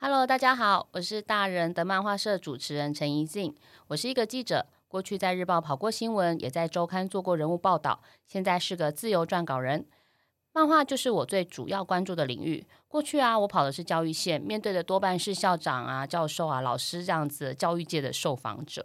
哈嘍，大家好，我是大人的漫畫社主持人陳怡靜。我是一個記者，過去在日報跑過新聞，也在周刊做過人物報道。現在是個自由撰稿人，漫畫就是我最主要關注的領域。過去啊，我跑的是教育線，面對的多半是校長啊、教授啊、老師這樣子的教育界的受訪者。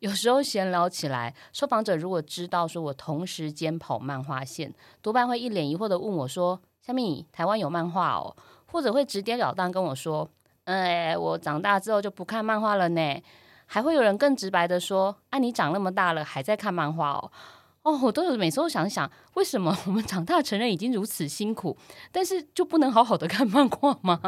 有時候閒聊起來，受訪者如果知道說我同時兼跑漫畫線，多半會一臉疑惑的問我說：“小米，台灣有漫畫哦？”或者會直截了當跟我說。誒，我長大之後就不看漫畫了呢。還會有人更直白的說：“啊，你長那麼大了，還在看漫畫哦？”哦，我都有，每次都想想，為什麼我們長大成人已經如此辛苦，但是就不能好好的看漫畫嗎？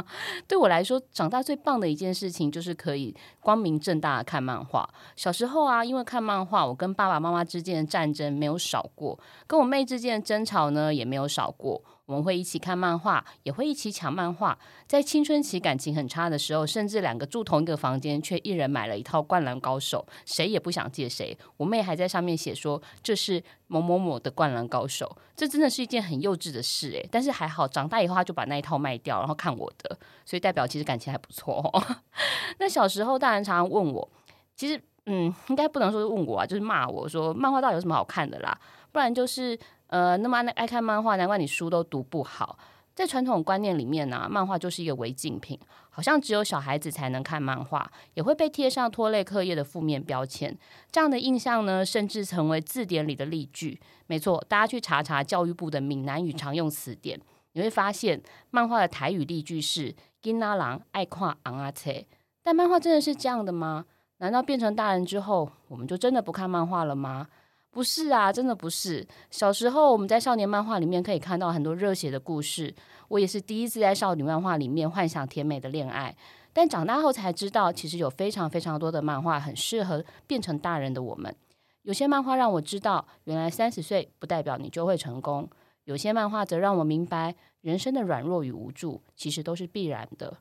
對我來說，長大最棒的一件事情就是可以光明正大的看漫畫。小時候啊，因為看漫畫，我跟爸爸媽媽之間的戰爭沒有少過，跟我妹之間的爭吵呢也沒有少過。我們會一起看漫畫，也會一起搶漫畫。在青春期感情很差的時候，甚至兩個住同一個房間，卻一人買了一套《灌籃高手》，誰也不想借誰。我妹還在上面寫說這是某某某的《灌籃高手》，這真的是一件很幼稚的事誒。但是還好，長大以後他就把那一套賣掉，然後看我的，所以代表其實感情還不錯哦。 那小時候大人常常問我，其實嗯，應該不能說是問我啊，就是罵我說漫畫到底有什麼好看的啦？不然就是。呃，那麼愛看漫畫，難怪你書都讀不好。在傳統觀念裡面呢、啊，漫畫就是一個違禁品，好像只有小孩子才能看漫畫，也會被貼上拖累課業的負面標籤。這樣的印象呢，甚至成為字典裡的例句。沒錯，大家去查查教育部的閩南語常用詞典，你會發現漫畫的台語例句是“囡仔人愛看尪仔冊”，但漫畫真的是這樣的嗎？難道變成大人之後，我們就真的不看漫畫了嗎？不是啊，真的不是。小時候我們在少年漫畫裡面可以看到很多熱血的故事，我也是第一次在少女漫畫裡面幻想甜美的戀愛。但長大後才知道，其實有非常非常多的漫畫很適合變成大人的我們。有些漫畫讓我知道，原來三十歲不代表你就會成功；有些漫畫則讓我明白人生的軟弱與無助其實都是必然的。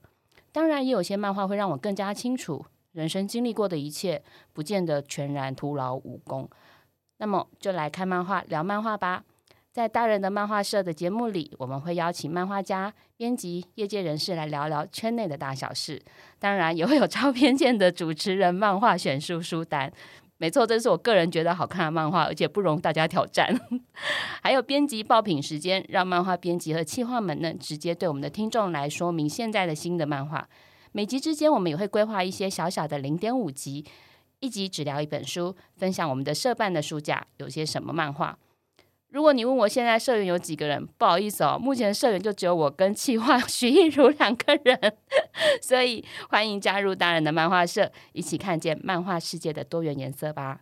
當然，也有些漫畫會讓我更加清楚，人生經歷過的一切不見得全然徒勞無功。那麼就來看漫畫，聊漫畫吧。在大人的漫畫社的節目裡，我們會邀請漫畫家、編輯、業界人士來聊聊圈內的大小事。當然，也會有超偏見的主持人、漫畫選書書單。沒錯，這是我個人覺得好看的漫畫，而且不容大家挑戰。 還有編輯爆品時間，讓漫畫編輯和企畫們呢，直接對我們的聽眾來說明現在的新的漫畫。每集之間，我們也會規劃一些小小的零點五集。一集只聊一本書，分享我們的社辦的書架有些什麼漫畫。如果你問我現在社員有幾個人，不好意思哦，目前社員就只有我跟企劃徐藝茹兩個人， 所以歡迎加入大人的漫畫社，一起看見漫畫世界的多元顏色吧。